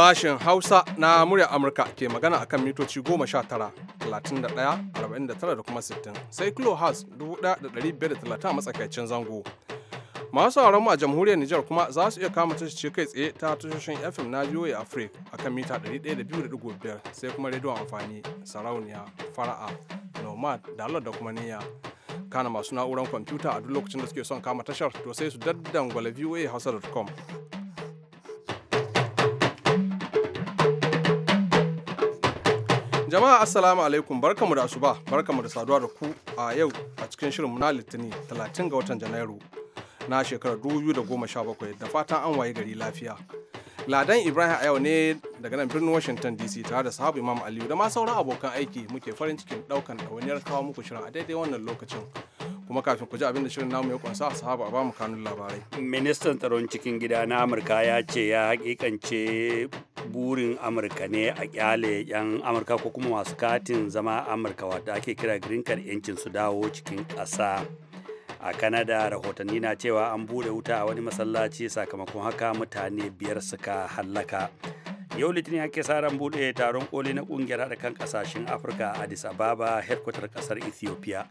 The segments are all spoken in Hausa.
Sashen Hausa na murya Amurka ke magana a kan mitoci sha tara 49 da kuma sai da 1,530 a matsakaicin zango. Masu sauran a jamhuriyar Nijar kuma za su iya kama tashoci kai tsaye ta tashoshin FM na VOA Africa a kan mita 102.5 sai kuma rediyon amfani sarauniya fara'a nomad dalar da kuma niyya. Kana masu na'urar kwamfuta a duk lokacin da suke son kama tashar to sai su daddangwala voa hausa.com Jama'a Assalamu alaikum barkamu da asuba barkamu da saduwa da ku a yau a cikin shirin na Litinin 30 ga watan Janairu na shekarar 2017 da fatan an waye gari lafiya. Ladan Ibrahim a yau ne daga nan birnin Washington DC tare da sahabu Imam Aliyu da ma sauran abokan aiki muke farin cikin daukan ɗawainiyar kawo muku shirin a daidai wannan lokacin. kuma kafin ku ji abin da shirin namu ya kunsa sahaba a bamu kanun labarai. Ministan tsaron cikin gida na Amurka ya ce ya hakikance burin amurka ne a kyale 'yan amurka ko kuma masu katin zama amurka wata ake kira green card 'yancin su dawo cikin ƙasa a kanada rahotanni na cewa an bude wuta a wani masallaci sakamakon haka mutane biyar suka hallaka yau litinin ake sa ran bude taron koli na kungiyar haɗa kan ƙasashen afirka a addis ababa headquarter ƙasar ethiopia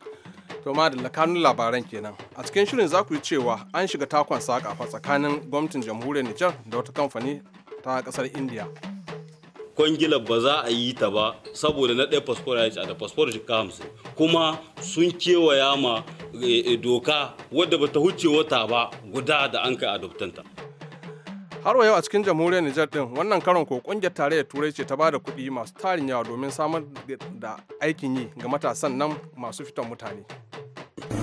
to ma da kanun labaran kenan a cikin shirin za ku yi cewa an shiga takon saka tsakanin gwamnatin jamhuriyar nijar da wata kamfani ta kasar india kwangilar ba za a yi ta ba saboda na ɗaya fasfor ya da fasfor shi hamsin kuma sun kewaya ma eh, doka wadda ba ta huce wata ba guda da an kai adoptanta har wa yau a cikin jamhuriyar Nijar din wannan karon ko kungiyar tarayyar turai ce ta ba da kuɗi masu tarin yawa domin samar da aikin yi ga matasan nan masu fitan mutane.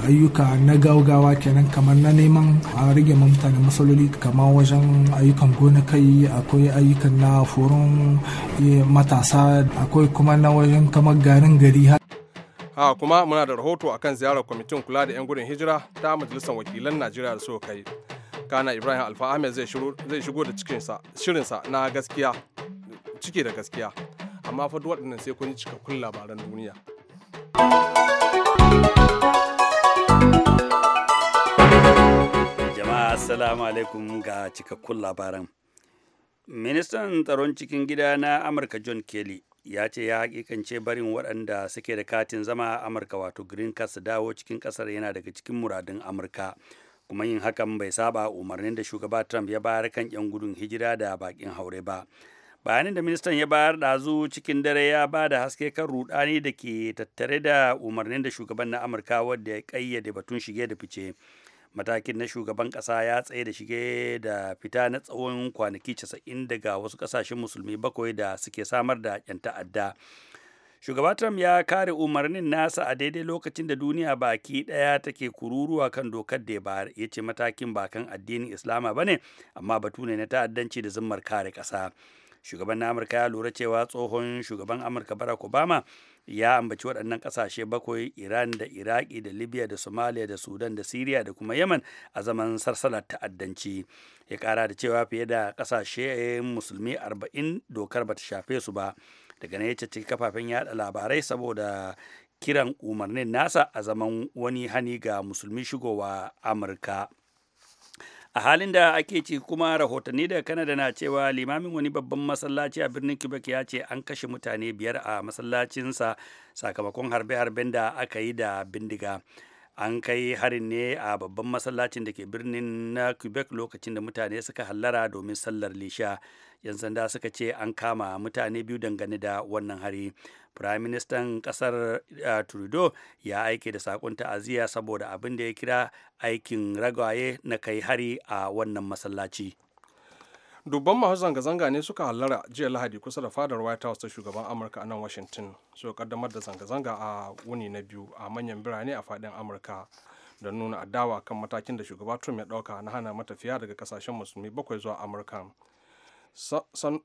ayyuka na gaugawa kenan kamar na neman a rage mutane matsaloli kamar wajen ayyukan kai akwai ayyukan na foron eh, matasa akwai kuma na wajen kamar garin gari ha kuma muna da rahoto akan ziyarar kwamitin kula da 'yan gudun hijira ta majalisar wakilan najeriya da suka kai kana ibrahim alfa ahmed zai shigo da shirinsa na gaskiya cike da gaskiya amma fa duk waɗannan sai kun ji cikakkun labaran duniya. Assalamu alaikum ga cikakkun labaran. Ministan tsaron cikin gida na Amurka John Kelly ya ce ya hakikance barin waɗanda suke da katin zama a Amurka wato Green Card su dawo cikin ƙasar yana daga cikin muradin Amurka. Kuma yin hakan bai saba umarnin da shugaba Trump ya bayar kan 'yan gudun hijira da bakin haure ba. bayanin da ministan ya bayar ɗazu cikin dare ya ba da haske kan rudani da ke tattare da umarnin da shugaban na amurka wadda ya kayyade batun shige da fice matakin na shugaban ƙasa ya tsaye da shige da fita na tsawon kwanaki 90 daga wasu ƙasashen musulmi bakwai da suke samar da 'yan ta'adda shugaba trump ya kare umarnin nasa a daidai lokacin da duniya baki ɗaya take kururuwa kan dokar da ba ya ce matakin bakan addinin islama ba ne amma batu ne na ta'addanci da zimmar kare kasa shugaban na amurka ya lura cewa tsohon shugaban amurka barack obama ya ambaci waɗannan ƙasashe bakwai iran da iraki da libya da somalia da sudan da syria da kuma yaman a zaman sarsalar ta'addanci ya ƙara da cewa fiye da ƙasashe musulmi 40 dokar ba ta shafe su ba daga nan ya ce kafafen yaɗa labarai saboda kiran umarnin nasa a zaman wani hani ga musulmi shigowa amurka a halin da ake ci kuma rahotanni daga kanada na cewa limamin wani babban masallaci a birnin quebec ya ce an kashe mutane biyar a masallacinsa sakamakon harbe-harben da aka yi da bindiga an kai harin ne a babban masallacin da ke birnin na quebec lokacin da mutane suka hallara domin sallar lisha yan sanda suka ce an kama mutane biyu dangane da wannan hari prime ministan kasar uh, trudeau ya aike da sakon ta'aziyya saboda abin da ya kira aikin ragaye na kai hari a wannan masallaci dubban masu zanga-zanga ne suka hallara jiya lahadi kusa da fadar white house ta shugaban amurka a nan washington su kaddamar da zanga-zanga a wuni na biyu a manyan birane a fadin amurka da nuna adawa kan matakin da shugaba trump ya dauka na hana matafiya daga kasashen musulmi bakwai zuwa amurka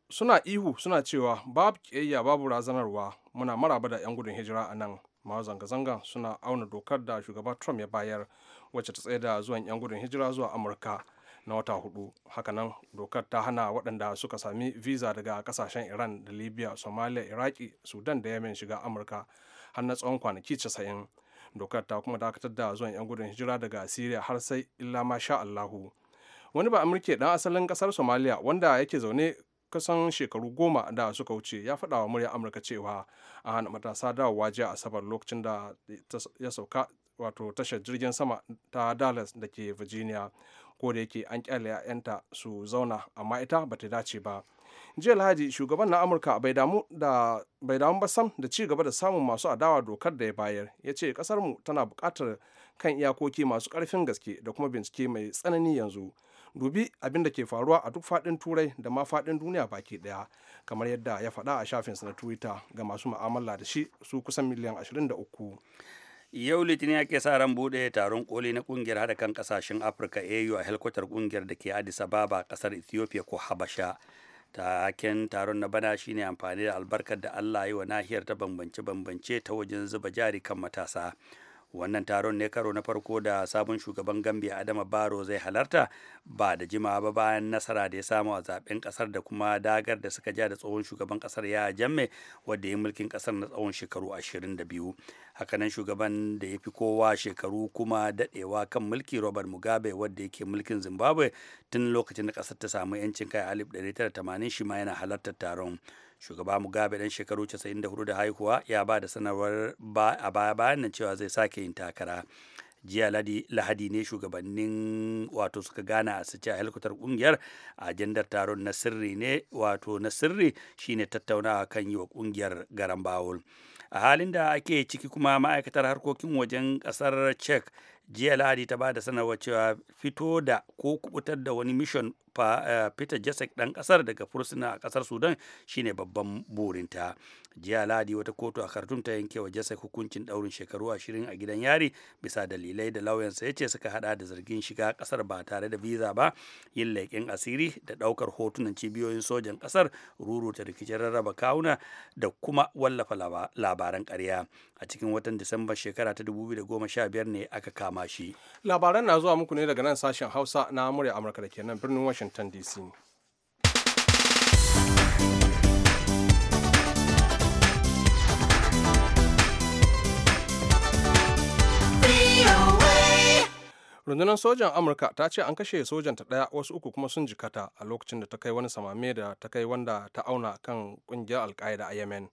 suna ihu suna cewa babu kiyayya babu razanarwa muna maraba da 'yan gudun hijira a nan masu zanga-zanga suna auna dokar da shugaba trump ya bayar wacce ta tsaye da zuwan 'yan gudun hijira zuwa amurka na wata hudu hakanan dokar ta hana waɗanda suka sami visa daga kasashen iran da libya somalia iraki sudan da yemen shiga amurka har na tsawon kwanaki casa'in dokar ta kuma dakatar da zuwan 'yan gudun hijira daga syria har sai illa ma sha allahu wani ba amurke dan asalin ƙasar somalia wanda yake zaune kusan shekaru goma da suka wuce ya faɗa wa murya amurka cewa a hana matasa dawowa jiya asabar lokacin da ya sauka wato tashar jirgin sama ta dallas da ke virginia ko da yake an kyale 'ya'yanta su zauna amma ita ba ta dace ba jiya lahadi shugaban na amurka bai damu da ba sam da ci gaba da samun masu adawa dokar da ya bayar ya ce mu tana buƙatar kan iyakoki masu ƙarfin gaske da kuma bincike mai tsanani yanzu dubi abin da ke faruwa a duk faɗin turai da ma faɗin duniya baki ɗaya kamar yadda ya faɗa a shafinsa na twitter ga masu mu'amala da shi su kusan miliyan 23 yau litinin ake sa ran bude taron koli na kungiyar hada kan kasashen afirka au a helkwatar kungiyar da ke addis ababa kasar ethiopia ko habasha taken taron na bana shine amfani da albarkar da allah yi wa nahiyar ta bambance-bambance ta wajen zuba jari kan matasa wannan taron ne karo na farko da sabon shugaban gambia adama baro zai halarta ba da jimawa ba bayan nasara da ya samu a zaben kasar da kuma dagar da suka ja da tsohon shugaban kasar ya jamme wadda ya mulkin kasar na tsawon shekaru 22 hakanan shugaban da ya fi kowa shekaru kuma dadewa kan mulki robert mugabe wadda yake mulkin zimbabwe tun lokacin da kasar ta samu yancin kai a 1980 shi ma yana halartar taron shugaba mugabe dan shekaru 94 da haihuwa ya ba da sanarwar a baya bayan nan cewa zai sake yin takara jiya lahadi ne shugabannin wato suka gana a sace helkutar kungiyar ajandar taron na sirri ne wato na sirri shine tattaunawa kan yi wa kungiyar garan bawul a halin da ake ciki kuma ma'aikatar harkokin wajen kasar czech jiya lahadi ta bada sanarwar cewa fito da ko kubutar da wani mission eh, peter jasek dan kasar daga fursuna a kasar sudan shine babban burinta jiya lahadi wata kotu a khartoum ta yankewa jasek hukuncin daurin shekaru ashirin a gidan yari bisa dalilai da lauyansa ya ce suka hada da zargin shiga kasar ba tare da visa ba yin leƙen asiri da daukar hotunan cibiyoyin sojan kasar ruruta rikicin rarraba kawuna da kuma wallafa labaran karya a cikin watan disamba shekara ta 2015 ne aka kama shi labaran na zuwa muku ne daga nan sashen hausa na murya amurka da ke nan birnin washington dc rundunar sojan amurka ta ce an kashe sojan ta ɗaya wasu uku kuma sun jikata a lokacin da ta kai wani samame da ta kai wanda ta auna kan kungiyar alkaida a yemen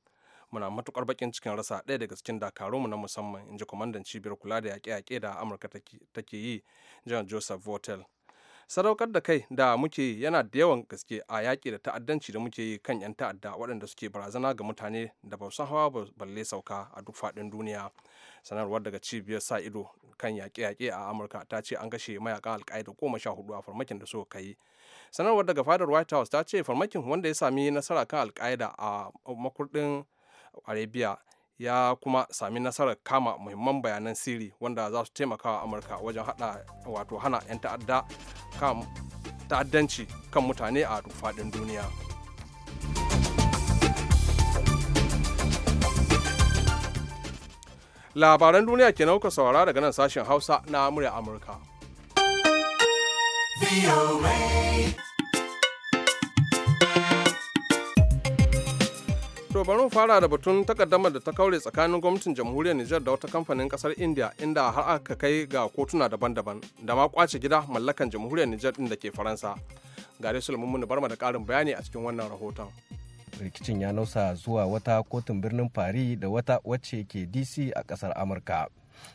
muna matukar bakin cikin rasa ɗaya daga cikin mu na musamman in ji kwamandan cibiyar kula da yaƙe-yaƙe da amurka take yi john joseph votel sadaukar da kai da muke yi yana da yawan gaske a yaƙi da ta'addanci da muke yi kan 'yan ta'adda waɗanda suke barazana ga mutane da ba san hawa balle sauka a duk faɗin duniya sanarwar daga cibiyar sa ido kan yaƙe-yaƙe a amurka ta ce an kashe mayakan alƙa'ida goma sha hudu a farmakin da suka kai sanarwar daga fadar white house ta ce farmakin wanda ya sami nasara kan alƙa'ida a makurɗin arabia ya kuma sami nasarar kama muhimman bayanan sirri wanda za su taimaka wa amurka wajen hada wato hana 'yan ta'adda ta'addanci kan mutane a duk faɗin duniya labaran duniya ke nauka saurara daga nan sashen hausa na murya amurka To bari mu fara da batun takaddamar da ta kaure tsakanin gwamnatin jamhuriyar Nijar da wata kamfanin kasar India inda har aka kai ga kotuna daban-daban da ma kwace gida mallakan jamhuriyar Nijar din da ke Faransa. Gare bar ma da karin bayani a cikin wannan rahoton. Rikicin ya nausa zuwa wata kotun birnin Paris da wata wacce ke DC a kasar Amurka.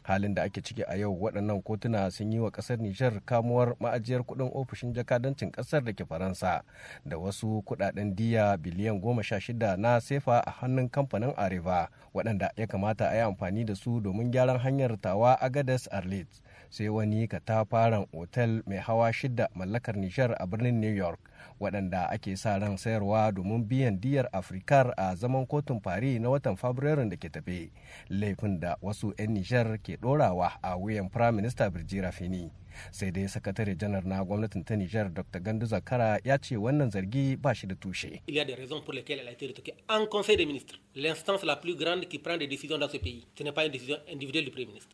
halin da ake ciki a yau waɗannan kotuna sun yi wa ƙasar nijar kamuwar ma'ajiyar kuɗin ofishin jakadancin ƙasar da ke faransa da wasu kuɗaɗen diya biliyan goma sha shida na sefa a hannun kamfanin areva waɗanda ya kamata a yi amfani da su domin gyaran hanyar tawa a gadas arlit sai wani katafaren otal mai hawa shida mallakar nijar a birnin new york waɗanda ake sa ran sayarwa domin biyan diyar afirkar a zaman kotun fari na watan fabrairun da ke tafe laifin da wasu 'yan nijar ke ɗorawa a wuyan firaminista birjira fini sai dai sakatare janar na gwamnatin ta nijar dr gandu zakara ya ce wannan zargi ba shi da tushe il pour lesquelles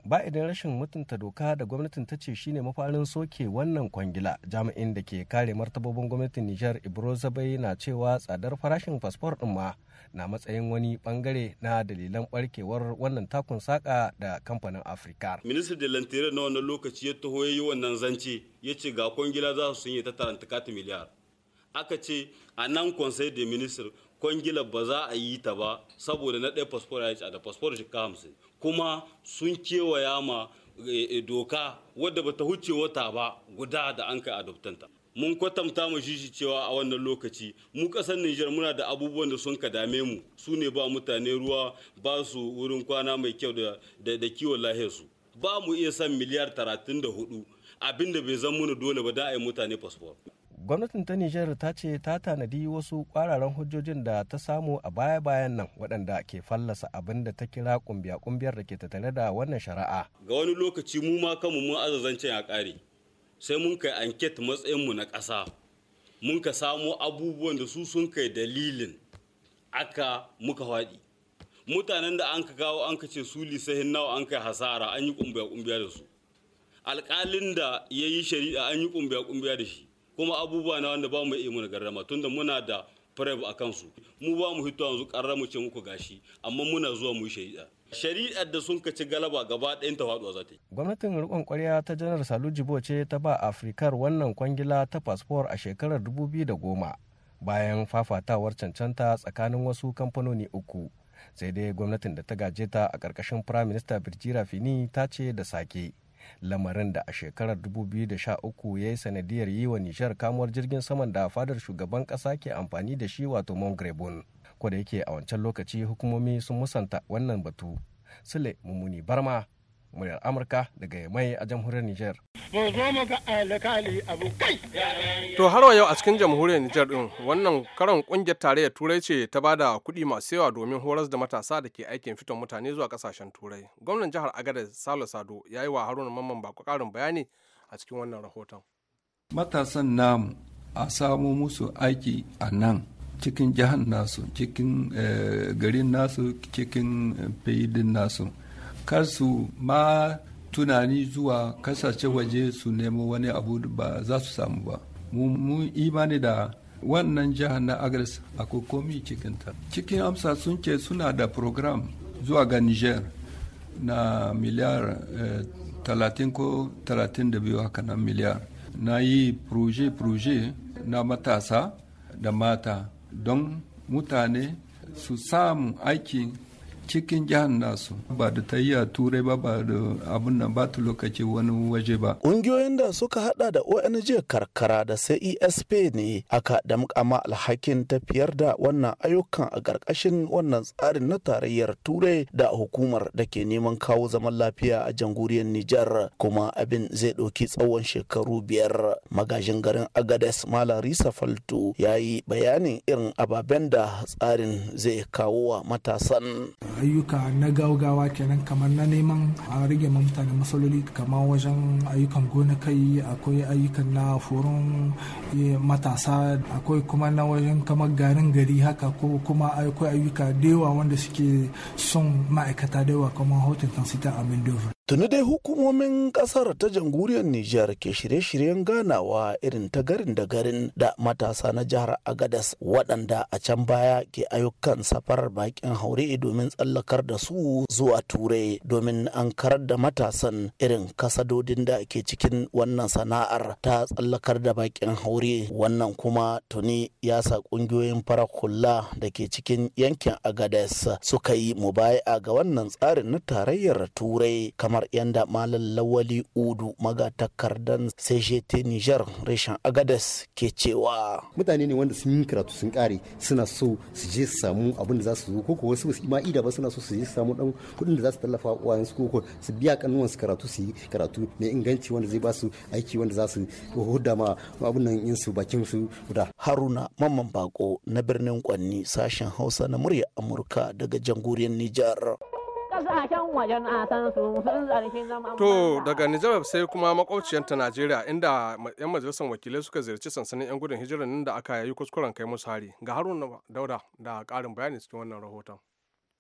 ba idan rashin mutunta doka da gwamnatin ta ce shine mafarin soke wannan kwangila jami'in da ke kare martabobin gwamnatin gwamnatin Nijar Ibro Zabai na cewa tsadar farashin fasfor ɗin ma na matsayin wani bangare na dalilan barkewar wannan takun saka da kamfanin Afirka. Minista da lantare na wannan lokaci ya taho ya yi wannan zance ya ce ga kwangila za su yi ta taranta kati miliyar. Aka ce a nan Conseil de Ministre kwangila ba za a yi ta ba saboda na ɗaya fasfor ya ci da fasfor ka hamsin kuma sun kewaya ma eh, eh, doka wadda ba ta huce wata ba guda da an kai adoptanta mun kwatanta mu shi cewa a wannan lokaci mu kasar Nijar muna da abubuwan da sun ka dame mu su ne ba mutane ruwa ba su wurin kwana mai kyau da kiwon lahiyar su ba mu iya san miliyar 34 abinda bai zan muna dole ba da a yi mutane fasfor gwamnatin ta Nijar ta ce ta tanadi wasu kwararan hujjojin da ta samu a baya-bayan nan waɗanda ke fallasa abin da ta kira kumbiya-kumbiyar da ke tattare da wannan shari'a. Ga wani lokaci mu ma kanmu mun azazancen ya ƙare. sai mun kai anket matsayinmu na ƙasa mun ka samo abubuwan da su sun kai dalilin aka muka faɗi mutanen da an ka kawo an ka ce su lisahin nawa an kai hasara an yi kumbiya-kumbiya da su alƙalin da ya yi shari'a an yi kumbiya-kumbiya da shi kuma abubuwa na wanda ba mu iya muna garrama tunda muna da prep a kansu mu ba mu hito yanzu ƙarra mu ce muku gashi amma muna zuwa mu yi shari'a shari'ar da sun kaci galaba gaba ɗayan ta faɗuwa za ta yi. Gwamnatin riƙon ƙwarya ta janar Salu Jibo ce ta ba Afrikar wannan kwangila ta fasfor a shekarar 2010 bayan fafatawar cancanta tsakanin wasu kamfanoni uku. Sai dai gwamnatin da ta gaje ta a ƙarƙashin Firayim Minista Birjira Fini ta ce da sake. Lamarin da a shekarar 2013 ya yi sanadiyar yi wa Nishar kamuwar jirgin saman da fadar shugaban ƙasa ke amfani da shi wato Mongrebon. ko da yake a wancan lokaci hukumomi sun musanta wannan batu sule mummuni barma muryar amurka daga mai a jamhuriyar niger to har yau a cikin jamhuriyar niger din wannan karan kungiyar tarayyar turai ce ta bada kuɗi masu yawa domin horas da matasa da ke aikin fiton mutane zuwa kasashen turai gwamnan jihar agadar salo sado ya yi wa haruna mamman baku karin bayani a cikin wannan rahoton matasan namu a samo musu aiki a nan cikin jihar nasu cikin eh, garin nasu cikin eh, fayidin nasu kar ma tunani zuwa kasashe waje su nemo wani abu ba za su samu ba mun imani da wannan jihar na agres akwai komi ta. cikin amsa sun ce suna da program zuwa ga niger na miliyar eh, talatin ko talatin da biyu haka miliyar na yi proje-proje na matasa da mata don mutane su samu aikin cikin jihar nasu ba da tayya turai ba ba da abun nan ba ta lokaci wani waje ba ƙungiyoyin da suka hada da ONG karkara da CESP ne aka damƙama alhakin tafiyar da wannan ayyukan a ƙarƙashin wannan tsarin na tarayyar turai da hukumar da ke neman kawo zaman lafiya a jamhuriyar Nijar kuma abin zai ɗauki tsawon shekaru biyar magajin garin Agades Malarisa Falto ya yi bayanin irin ababen da tsarin zai kawo wa matasan. ayyuka na gaugawa kenan kamar na neman a rage ma mutane matsaloli kamar wajen ayyukan gona kai akwai ayyukan na foron eh, matasa akwai kuma na wajen kamar garin gari haka ko kuma akwai ayyuka da yawa wanda suke son ma'aikata da yawa kamar hotel kan sita a Mendover. Tuni dai hukumomin kasar ta jamhuriyar Nijar ke shirye-shiryen ganawa irin ta garin da garin da matasa na jihar Agadas waɗanda a can baya ke ayyukan safar bakin haure domin tsallakar da su zuwa turai domin an karar da matasan irin kasadodin da ke cikin wannan sana'ar ta tsallakar da bakin haure wannan kuma tuni ya sa ƙungiyoyin farar hula da ke cikin yankin Agadas suka yi mubaya ga wannan tsarin na tarayyar turai kamar kamar yanda malam lawali udu magatakardan cgt niger reshen agadas ke cewa mutane ne wanda sun yi karatu sun kare suna so su je su samu abin da za su zo koko wasu su ma ida ba suna so su je su samu dan kuɗin da za su tallafa uwayen su koko su biya kanuwan su karatu su yi karatu ne inganci wanda zai ba su aiki wanda za su hudda ma abin nan yin su bakin su guda haruna mamman bako na birnin kwanni sashen hausa na murya amurka daga jamhuriyar nijar wajen To daga Nijar sai kuma makwabciyar ta Najeriya inda 'yan majalisar wakilai suka ziyarci sansanin 'yan gudun hijirar da aka yi kuskuren kai musu hari ga Haruna Dauda da ƙarin bayani cikin wannan rahoton.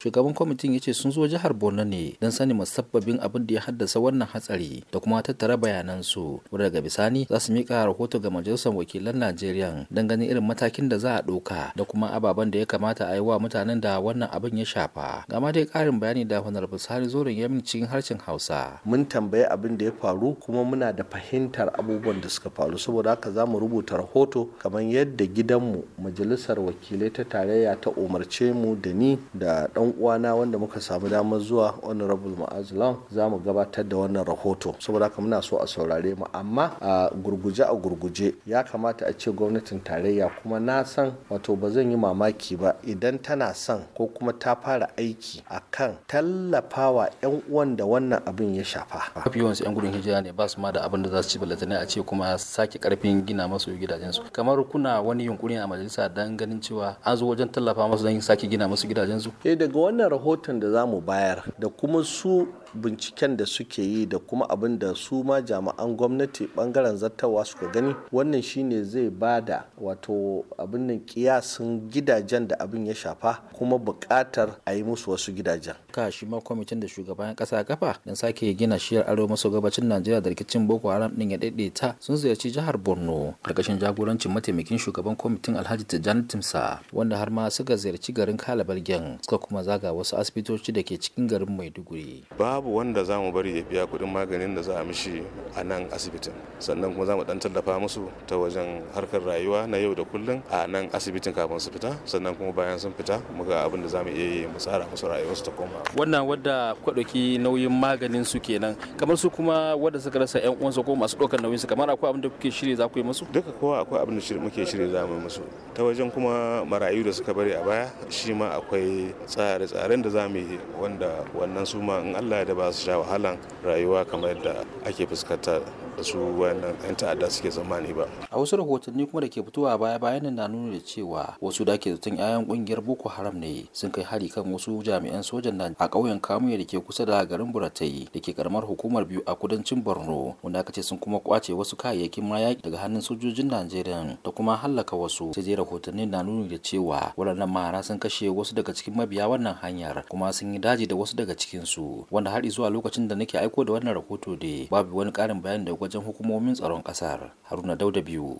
shugaban kwamitin ya ce sun zo jihar borno ne don sanin musabbabin abin da ya haddasa wannan hatsari da kuma tattara su su daga bisani za su mika rahoto ga majalisar wakilan najeriya don ganin irin matakin da za a ɗauka da kuma ababen da ya kamata a yi wa mutanen da wannan abin ya shafa gama dai karin bayani da honorable bisani zoren ya min cikin harshen hausa mun tambayi abin da ya faru kuma muna da fahimtar abubuwan da suka faru saboda haka za mu rubuta rahoto kamar yadda gidanmu majalisar wakilai ta tarayya ta umarce mu da ni da ɗan 'yan uwana wanda muka samu damar zuwa honorable ma'az long za mu gabatar da wannan rahoto saboda haka muna so a saurare mu amma a gurguje a gurguje ya kamata a ce gwamnatin tarayya kuma na san wato ba zan yi mamaki ba idan tana son ko kuma ta fara aiki a kan tallafawa 'yan uwan da wannan abin ya shafa mafi yawansu 'yan gudun hijira ne ba su ma da abin da za su ci balatane a ce kuma sake karfin gina masu gidajensu kamar kuna wani yunkuri a majalisa dan ganin cewa an zo wajen tallafa masu don sake gina masu gidajensu eh, wannan rahoton da za mu bayar da kuma su binciken da suke yi da kuma abin da su ma jami'an gwamnati bangaren zattawa suka gani wannan shine zai ba da wato abin nan kiyasin gidajen da abin ya shafa kuma bukatar a yi musu wasu gidajen ka shi ma kwamitin da shugaban ƙasa kafa don sake gina shiyar aro maso gabacin najeriya da rikicin boko haram din ya daidaita sun ziyarci jihar borno karkashin jagorancin mataimakin shugaban kwamitin alhaji tijjani timsa wanda har ma suka ziyarci garin kalabalgen suka kuma zaga wasu asibitoci da ke cikin garin maiduguri babu wanda za mu bari ya biya kuɗin maganin da za a mishi a nan asibitin sannan kuma za mu ɗan tallafa musu ta wajen harkar rayuwa na yau da kullum a nan asibitin kafin su fita sannan kuma bayan sun fita ga abin da za mu iya mu tsara musu rayuwarsu ta koma wannan wadda ɗauki nauyin maganin su kenan kamar su kuma wadda suka rasa yan uwansu ko masu ɗaukar nauyin su kamar akwai abin da kuke shirye za ku yi musu duka kowa akwai abin da muke shirye za mu yi musu ta wajen kuma marayu da suka bari a baya shi ma akwai tsare-tsaren da za mu yi wanda wannan su ma in Allah da ba su sha wahalan rayuwa kamar yadda ake fuskanta da su wannan 'yan ta'adda suke zamani ba a wasu rahotanni kuma da ke fitowa baya bayan nan na nuna da cewa wasu da ke zaton 'ya'yan kungiyar boko haram ne sun kai hari kan wasu jami'an sojan nan a ƙauyen kamuya da ke kusa da garin buratai da ke karamar hukumar biyu a kudancin borno wanda aka ce sun kuma kwace wasu kayayyakin mayaki daga hannun sojojin najeriya da kuma hallaka wasu sai dai rahotanni na nuna da cewa waɗannan mara sun kashe wasu daga cikin mabiya wannan hanyar kuma sun yi daji da wasu daga cikinsu wanda har zuwa lokacin da nake aiko da wannan rahoto de babu wani ƙarin bayani da wajen hukumomin tsaron kasar haruna dauda biyu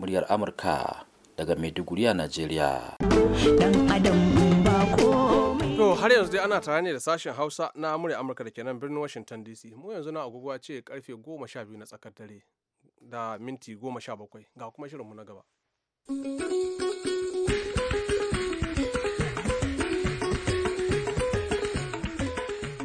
muryar amurka daga maiduguri a najeriya to har yanzu dai ana tare ne da sashen hausa na murya amurka da kenan birnin washington dc mu yanzu na agogo ce karfe 12 sha na tsakar dare da minti goma sha bakwai ga kuma shirinmu na gaba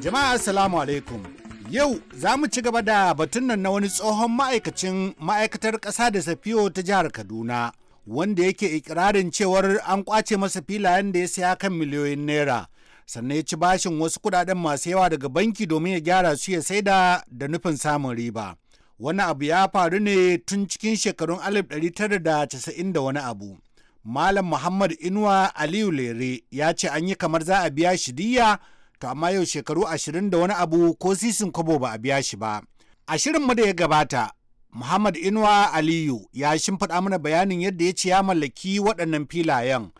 jama'a assalamu alaikum Yau za mu ci gaba da batun nan na wani tsohon ma'aikacin ma'aikatar ƙasa da safiyo ta jihar Kaduna, wanda yake ikirarin cewar an ƙwace masa filayen da ya saya kan miliyoyin naira. Sannan ya ci bashin wasu kudaden masu yawa daga banki domin ya gyara su ya saida da nufin samun riba. Wani abu ya faru ne tun cikin shekarun 1990 da wani abu. Malam Muhammad Inuwa Aliyu Lere ya ce an yi kamar za a biya shi diya to amma yau shekaru ashirin da wani abu ko sisin kwabo ba a biya shi ba. A shirin mu da ya gabata, Muhammad Inuwa Aliyu ya shimfiɗa mana bayanin yadda ya ce ya mallaki waɗannan filayen.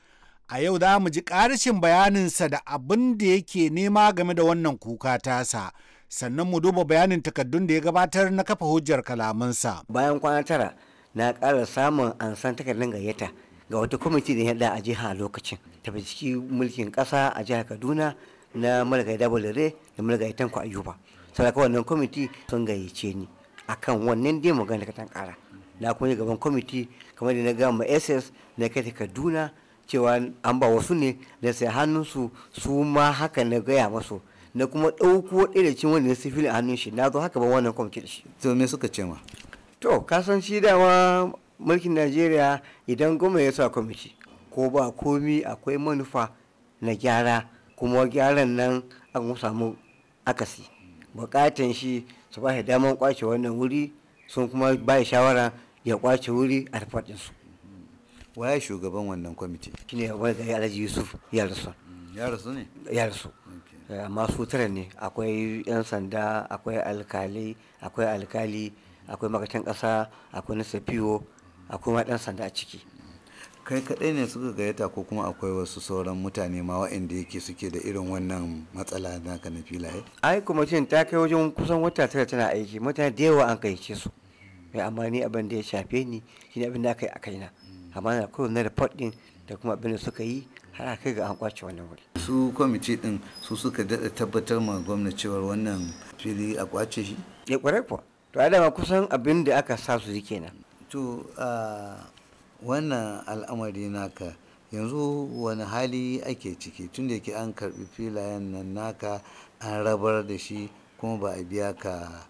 A yau za mu ji ƙarshen bayaninsa da abin da yake nema game da wannan kuka tasa. Sannan mu duba bayanin takaddun da ya gabatar na kafa hujjar kalamansa. Bayan kwana tara na ƙara samun ansan takardun gayyata ga wata kwamiti da ya a jiha a lokacin. Ta mulkin ƙasa a jihar Kaduna na malakai dabalare da malakai tanko ayuba saboda wannan kwamiti sun gayyace ni akan wannan dai magana ka kara na kuma gaban kwamiti kamar da na ma ss na kai ta kaduna cewa an ba wasu ne da sai hannunsu su ma haka na gaya masu na kuma ɗauko ɗaya da cin wanda na sifili a hannun shi na zo haka ba wannan kwamiti da shi. to me suka ce ma. to kasan shi dama mulkin najeriya idan goma ya sa kwamiti ko ba komi akwai manufa na gyara kuma gyaran nan an samu akasi bukatan shi su ba shi damar kwace wannan wuri sun kuma ba shawara ya kwace wuri a faɗin su waye shugaban wannan kwamiti shine wani gari alhaji yusuf ya rasu mm, ya rasu ne ya rasu eh, amma su ne akwai yan sanda akwai alkali akwai alkali akwai makatan ƙasa akwai na safiyo akwai ma ɗan sanda a ciki kai kaɗai ne suka gayyata ko kuma akwai wasu sauran mutane ma waɗanda yake suke da irin wannan matsala na na filaye ai kuma cin ta kai wajen kusan wata tara tana aiki mutane da yawa an gayyace su hmm. mai amma ni abin da ya shafe ni shine abin da aka yi a kaina hmm. amma na kawai na report din da kuma abin da suka yi har a kai ga an kwace wannan wuri su kwamiti din su suka daɗa tabbatar ma gwamnati cewar wannan fili a kwace shi ya eh, kwarai kuwa to a dama kusan abin da aka sa su kenan to ah, wannan al'amari naka yanzu wani hali ake ciki tun da ke an karbi filayen nan naka an rabar da shi kuma ba a biya ka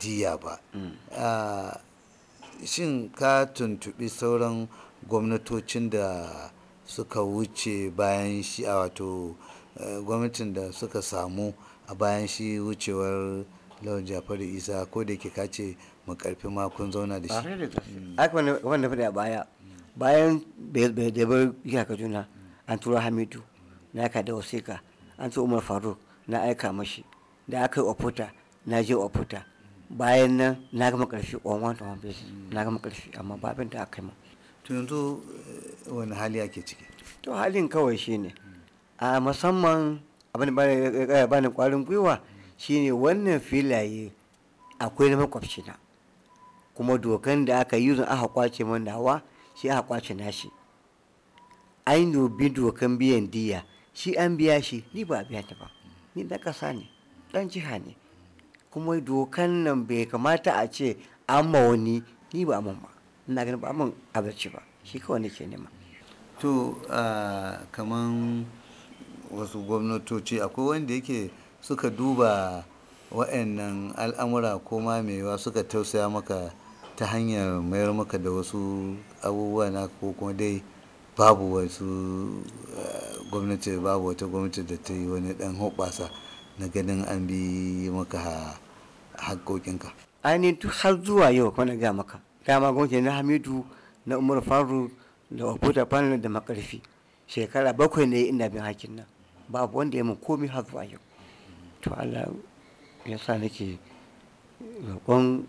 diya ba mm. shin ka tuntubi sauran gwamnatocin da suka wuce bayan shi a wato eh, gwamnatin da suka samu a bayan shi wucewar lawan jafaru isa ko da ke kace mu karfi ma kun zauna da shi aka mm. wanda faɗi a baya bayan bai bar iya juna an tura hamidu na aika da wasika an tura umar faruk na aika mashi da aka yi oputa na je oputa bayan nan na gama karfi on one to one basis mm. na gama karfi amma babin da aka yi ma to yanzu eh, wani hali ake ciki to halin kawai shine a musamman abin da bani kwarin gwiwa shine wannan filaye akwai na makwabcina kuma dokan da aka yi aka kwace man nawa shi aka kwace nashi ai bi dokan biyan diya shi an biya shi ni ba biya ta ba ni da kasa ne dan jiha ne kuma dokan nan bai kamata a ce an ma wani ni ba mun ba ina ganin ba mun abarci ba shi kawai nake nema to kaman wasu gwamnatoci akwai wanda yake suka duba wa'annan al'amura ko mamewa suka tausaya maka ta hanyar mayar maka da wasu abubuwa na ko kuma dai babu wasu eh, gwamnati babu wata gwamnati da ta yi wani dan hoɓasa na ganin an bi maka haƙoƙinka ainihin duk har zuwa yau kuma ga maka dama gwamnati na hamidu na umar faru da wakuta panel da makarfi shekara bakwai ne ina bin hakin nan babu wanda ya mun komi har zuwa yau to allah ya sa nake roƙon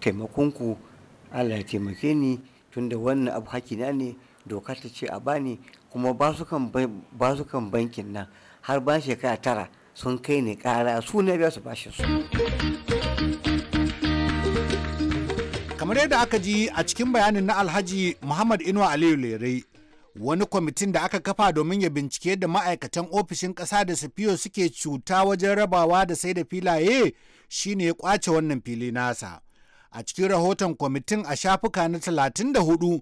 taimakonku allah ya taimake ni tunda wannan abu hakina ne doka ta ce a bani kuma ba su kan bankin nan har ba shekara tara sun kai ni kara su ne biya su bashi su kamar yadda aka ji a cikin bayanin na alhaji muhammad inuwa aliyu lerai wani kwamitin da aka kafa domin ya bincike da ma'aikatan ofishin ƙasa da safiyo suke cuta wajen rabawa da sai da filaye shine ya kwace wannan fili nasa a cikin rahoton kwamitin a shafuka na 34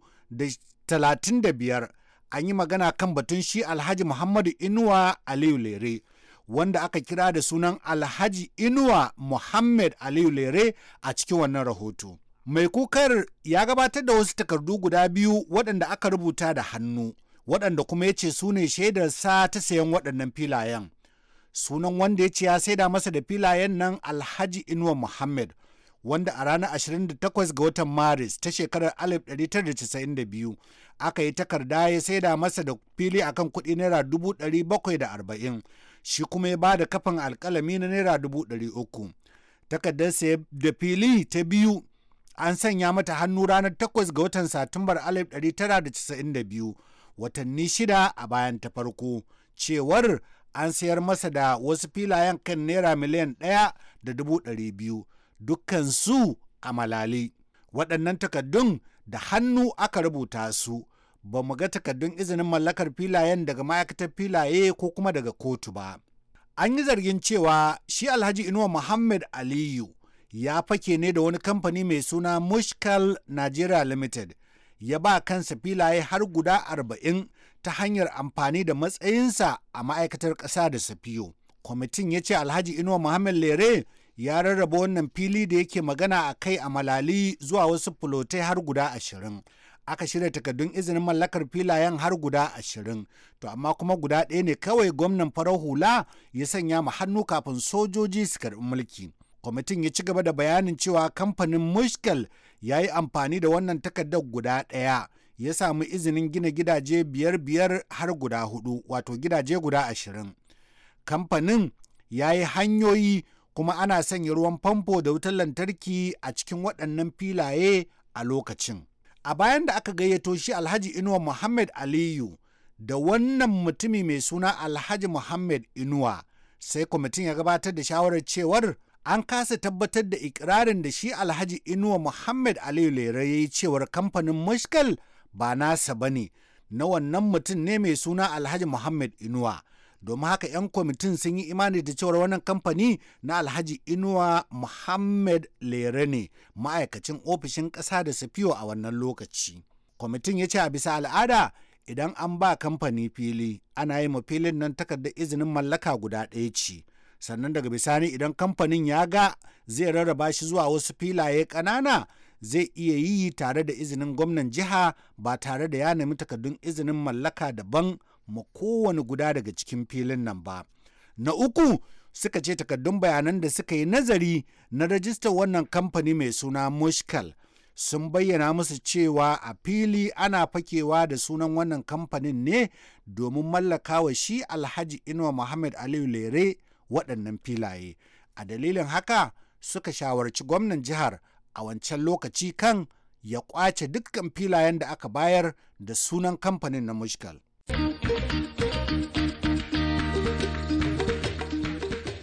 da 35 an yi magana kan batun shi alhaji muhammadu inuwa aliyu lere wanda aka kira da sunan alhaji inuwa muhammad aliyu lere a cikin wannan rahoto mai kukar ya gabatar da wasu takardu guda biyu waɗanda aka rubuta da hannu waɗanda kuma ya ce su ne shaidarsa ta sayan waɗannan filayen sunan wanda ya ce ya saida masa da filayen nan alhaji inuwa muhammad wanda a ranar 28 ga watan maris ta shekarar 1992 aka yi takarda ya sai da masa da fili akan kuɗi naira 740 shi kuma ya ba da kafin alkalami na naira 300 takardar sai da fili ta biyu an sanya mata hannu ranar 8 ga watan satumbar 1992 watanni shida a bayan ta farko cewar an sayar masa da wasu filayen kan naira miliyan ɗaya da dubu dukkansu a malali waɗannan takaddun da hannu aka rubuta su ba mu ga takaddun izinin mallakar filayen daga ma'aikatar filaye ko kuma daga kotu ba an yi zargin cewa shi alhaji inuwa muhammad aliyu ya fake ne da wani kamfani mai suna mushkal nigeria limited ya ba kansa filaye har guda arba'in ta hanyar amfani da matsayinsa a ma'aikatar ƙasa da safiyo kwamitin ya ce alhaji inuwa muhammad lere ya rarraba wannan fili da yake magana a kai a malali zuwa wasu fulotai har guda ashirin aka shirya takardun izinin mallakar filayen har guda ashirin to amma kuma guda ɗaya ne kawai gwamnan farar hula ya sanya mu hannu kafin sojoji su karɓi mulki kwamitin ya ci gaba da bayanin cewa kamfanin mushkel ya yi amfani da wannan takardar guda ɗaya ya samu izinin gina gidaje biyar biyar har guda hudu wato gidaje guda ashirin kamfanin ya yi hanyoyi kuma ana sanya ruwan famfo da wutar lantarki a cikin waɗannan filaye a lokacin. A bayan da aka gayyato shi Alhaji Inuwa Muhammad Aliyu da wannan mutumi mai suna Alhaji Muhammad Inuwa sai kwamitin ya gabatar da shawarar cewar an kasa tabbatar da ikirarin da shi Alhaji Inuwa Muhammad Aliyu Lera ya yi cewar kamfanin Mushkal ba nasa ba ne na wannan mutum ne mai suna Alhaji Muhammad Inuwa. domin haka 'yan kwamitin sun yi imani da cewar wannan kamfani na alhaji inuwa muhammad lere ne ma'aikacin ofishin ƙasa da safiyo a wannan lokaci kwamitin ya ce a bisa al'ada idan an ba kamfani fili ana yi ma filin nan takardar izinin mallaka guda ɗaya ce sannan daga bisani idan kamfanin ya ga zai rarraba shi zuwa wasu filaye ƙanana zai iya yi tare da izinin gwamnan jiha ba tare da ya nemi takardun izinin mallaka daban ma kowane guda daga cikin filin nan ba. Na uku suka ce takardun bayanan da suka yi nazari na rajistar wannan kamfani mai suna Mushkal sun bayyana musu cewa a fili ana fakewa da sunan wannan kamfanin ne domin mallaka wa shi Alhaji Inuwa Muhammad Aliyu Lere waɗannan filaye. A dalilin haka suka shawarci gwamnan jihar a wancan lokaci kan ya kwace dukkan filayen da aka bayar da sunan kamfanin na Mushkal.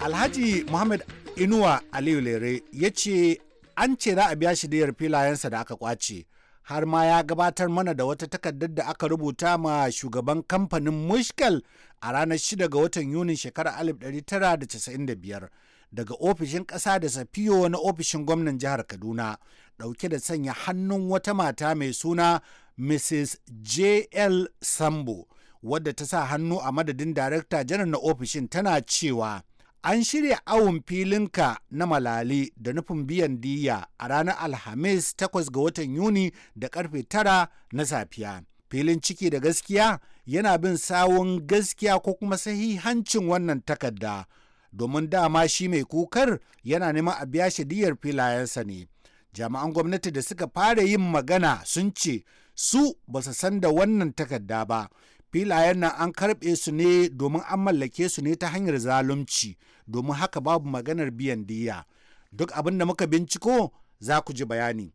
alhaji muhammad inuwa aliyu lere ya ce an ce za a biya shi diyar filayensa da aka kwace har ma ya gabatar mana da wata takardar da aka rubuta ma shugaban kamfanin mushkal a ranar 6 ga watan yunin shekarar 1995 daga ofishin ƙasa da safiyo na ofishin gwamnan jihar kaduna ɗauke da sanya hannun wata mata mai suna mrs jl sambo wadda ta sa hannu a madadin darakta janar na ofishin tana cewa An shirya awun filinka na malale da nufin biyan diya a ranar Alhamis 8 ga watan Yuni da karfe 9 na safiya. Filin ciki da gaskiya yana bin sawun gaskiya ko kuma sahihancin wannan takarda domin dama shi mai kukar yana neman a biya shi diyar filayensa ne. Jami'an gwamnati da suka fara yin magana sun ce su ba su san da wannan takarda ba. filayen nan an karɓe su ne domin an mallake su ne ta hanyar zalunci domin haka babu maganar biyan diya duk abin da muka binciko za ku ji bayani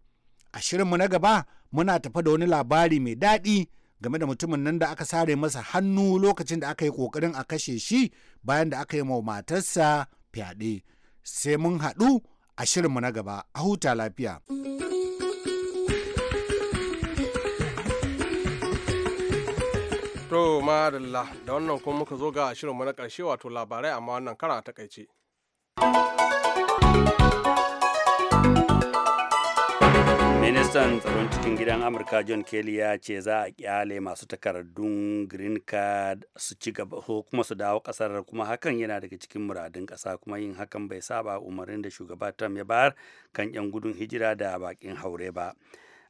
a mu na gaba muna tafa da wani labari mai daɗi game da mutumin nan da aka sare masa hannu lokacin da aka yi ƙoƙarin a kashe shi bayan da aka yi ma matarsa fyaɗe sai mun haɗu a mu na gaba a huta lafiya. To madalla da wannan kuma muka zo ga shirinmu na karshe wato labarai amma wannan kara ta kaice. Ministan tsaron cikin gidan Amurka John Kelly ya ce za a kyale masu takardun green card su ci gaba kuma su dawo kasar kuma hakan yana daga cikin muradun kasa kuma yin hakan bai saba umarnin da shugaba Trump ya bayar kan 'yan gudun hijira da bakin haure ba.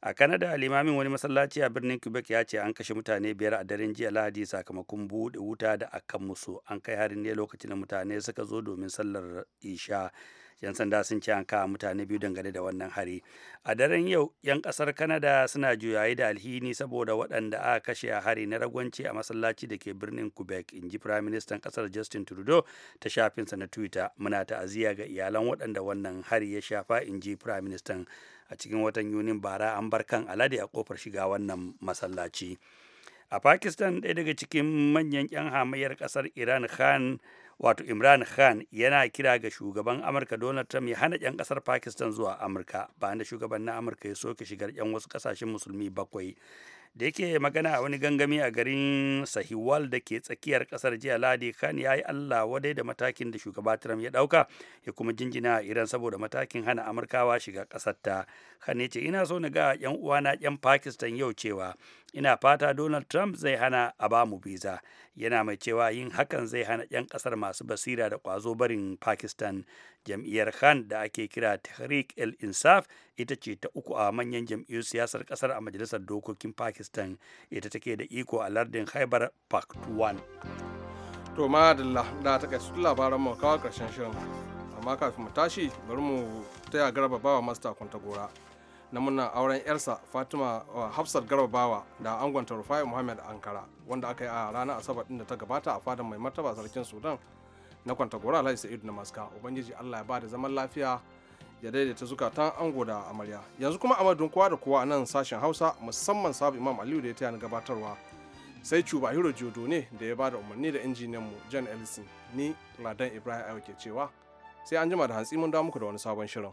a kanada limamin wani masallaci a birnin quebec ya ce an kashe mutane biyar a daren jiya lahadi sakamakon buɗe wuta da akan musu an kai harin ne lokacin da mutane suka zo domin sallar isha 'yan sanda sun ci an kawo mutane biyu dangane da wannan hari a daren yau 'yan kasar kanada suna juyayi da alhini saboda waɗanda aka kashe a hari na ragwanci a masallaci da ke birnin quebec in ji prime minister kasar justin trudeau ta shafinsa na twitter muna ta'aziyya ga iyalan waɗanda wannan hari ya shafa in ji prime minister a cikin watan yunin bara an bar kan alade a kofar shiga wannan masallaci a pakistan ɗaya daga cikin manyan 'yan hamayyar kasar iran khan wato imran khan yana kira ga shugaban amurka donald trump ya hana 'yan kasar pakistan zuwa amurka bayan da shugaban na amurka ya soke shigar 'yan wasu kasashen musulmi bakwai da yake magana a wani gangami a garin sahiwal da ke tsakiyar kasar jiya ladi khan ya yi allah wadai da matakin da shugaba trump ya dauka ya kuma jinjina a iran saboda matakin hana amurkawa shiga kasar ta khan ya ce ina so na ga 'yan uwana 'yan pakistan yau cewa ina fata donald trump zai hana a bamu biza yana mai cewa yin hakan zai hana 'yan kasar masu basira da kwazo barin pakistan jam'iyyar khan da ake kira tehrik el insaf ita ce ta uku a manyan jam'iyyar siyasar kasar a majalisar dokokin pakistan ita take da iko a lardin haibar pakhtuwan to ma da ta labaran mu kawo karshen shirin amma kafin mu tashi bari mu taya garba bawa master kwanta gora na murnar auren yarsa fatima uh, hafsat garbawa da angonta rufai muhammad ankara wanda aka yi a ranar asabar din da ta gabata a fadar mai martaba sarkin sudan na kwantagora alhaji sa'idu na maska ubangiji allah ya ba da zaman lafiya ya daidaita zukatan ango da amarya yanzu kuma a kowa da kowa a nan sashen hausa musamman sabu imam aliyu da ya taya ni gabatarwa sai cuba hiro jodo ne da ya ba da umarni da injiniyan mu john ellison ni ladan ibrahim ayo ke cewa sai an jima da hantsi mun dawo muku da wani sabon shirin